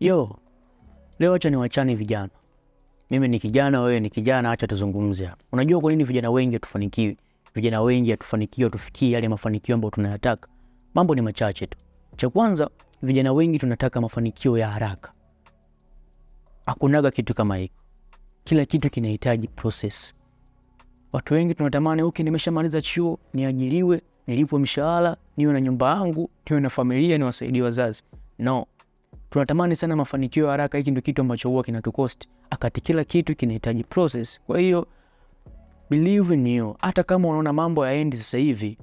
Yo, leo acha niwachane vijana. Mimi ni kijana, wewe ni kijana, acha tuzungumze hapa. Unajua kwa nini vijana wengi hatufanikiwi? Vijana wengi hatufanikiwi, tufikie yale mafanikio ambayo tunayataka. Mambo ni machache tu. Cha kwanza, vijana wengi tunataka mafanikio ya haraka. Hakunaga kitu kama hiki. Kila kitu kinahitaji process. Watu wengi tunatamani uki, okay, nimeshamaliza chuo niajiriwe, nilipwe mshahara, niwe na nyumba yangu, niwe na familia, niwasaidie wazazi. No, Tunatamani sana mafanikio haraka, hiki ndio kitu ambacho huwa kinatukosti, akati kila kitu kinahitaji process. Kwa hiyo believe in you, hata kama unaona mambo yaendi sasa hivi,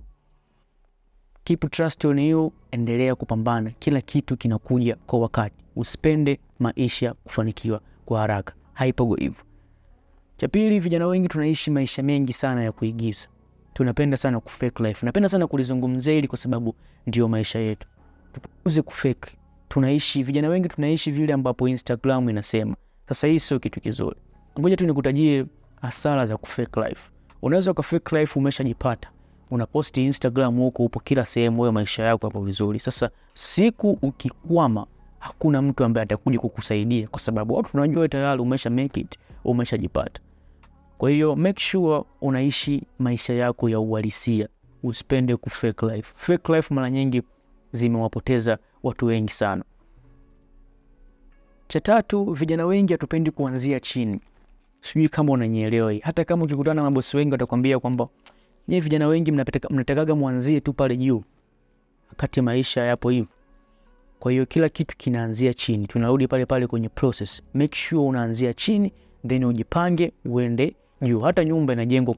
keep trust on you, endelea kupambana, kila kitu kinakuja kwa wakati. Usipende maisha kufanikiwa kwa haraka, haipogo hivyo. Cha pili, vijana wengi tunaishi maisha mengi sana ya kuigiza, tunapenda sana kufake life. Napenda sana kulizungumzia hili kwa sababu ndio maisha yetu, tupuuze kufake tunaishi vijana wengi tunaishi vile ambapo Instagram inasema. Sasa hii sio kitu kizuri. Ngoja tu nikutajie hasara za kufake life. Unaweza uka fake life umeshajipata, unaposti Instagram huko, upo kila sehemu, wewe maisha yako hapo vizuri. Sasa siku ukikwama, hakuna mtu ambaye atakuja kukusaidia kwa sababu watu tunajua tayari umesha make it, umeshajipata. Kwa hiyo make sure unaishi maisha yako ya uhalisia, usipende kufake life. Fake life mara nyingi zimewapoteza watu wengi sana. Cha tatu, vijana wengi hatupendi kuanzia chini. Sijui kama unanielewa hii. Hata kama ukikutana na mabosi wengi watakwambia kwamba nyie vijana wengi mnatakaga mwanzie tu pale juu, wakati maisha yapo hivyo. Kwa hiyo kila kitu kinaanzia chini, tunarudi pale pale kwenye process. Make sure unaanzia chini then ujipange uende juu. Hata nyumba inajengwa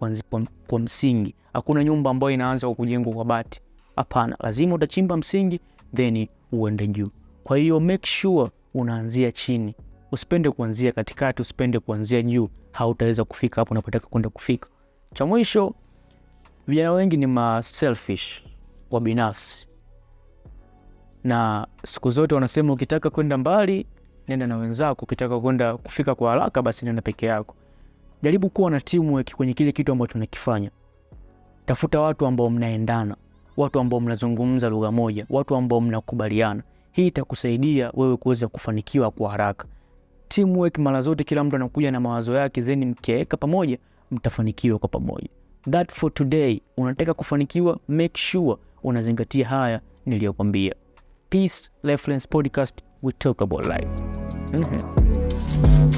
kwa msingi, hakuna nyumba ambayo inaanza kwa kujengwa kwa bati. Hapana, lazima utachimba msingi then uende juu. Kwa hiyo make sure unaanzia chini, usipende kuanzia katikati, usipende kuanzia juu, hautaweza kufika hapo unapotaka kwenda kufika. Cha mwisho, vijana wengi ni ma selfish, wa binafsi, na siku zote wanasema ukitaka kwenda mbali nenda na wenzako, ukitaka kwenda kufika kwa haraka basi nenda peke yako. Jaribu kuwa na teamwork kwenye kile kitu ambacho unakifanya. Tafuta watu ambao mnaendana watu ambao mnazungumza lugha moja, watu ambao mnakubaliana. Hii itakusaidia wewe kuweza kufanikiwa kwa haraka. Teamwork mara zote, kila mtu anakuja na mawazo yake, then mkiweka pamoja mtafanikiwa kwa pamoja. That for today. Unataka kufanikiwa, make sure unazingatia haya niliyokwambia. Peace Reference Podcast, we talk about life. Mm-hmm.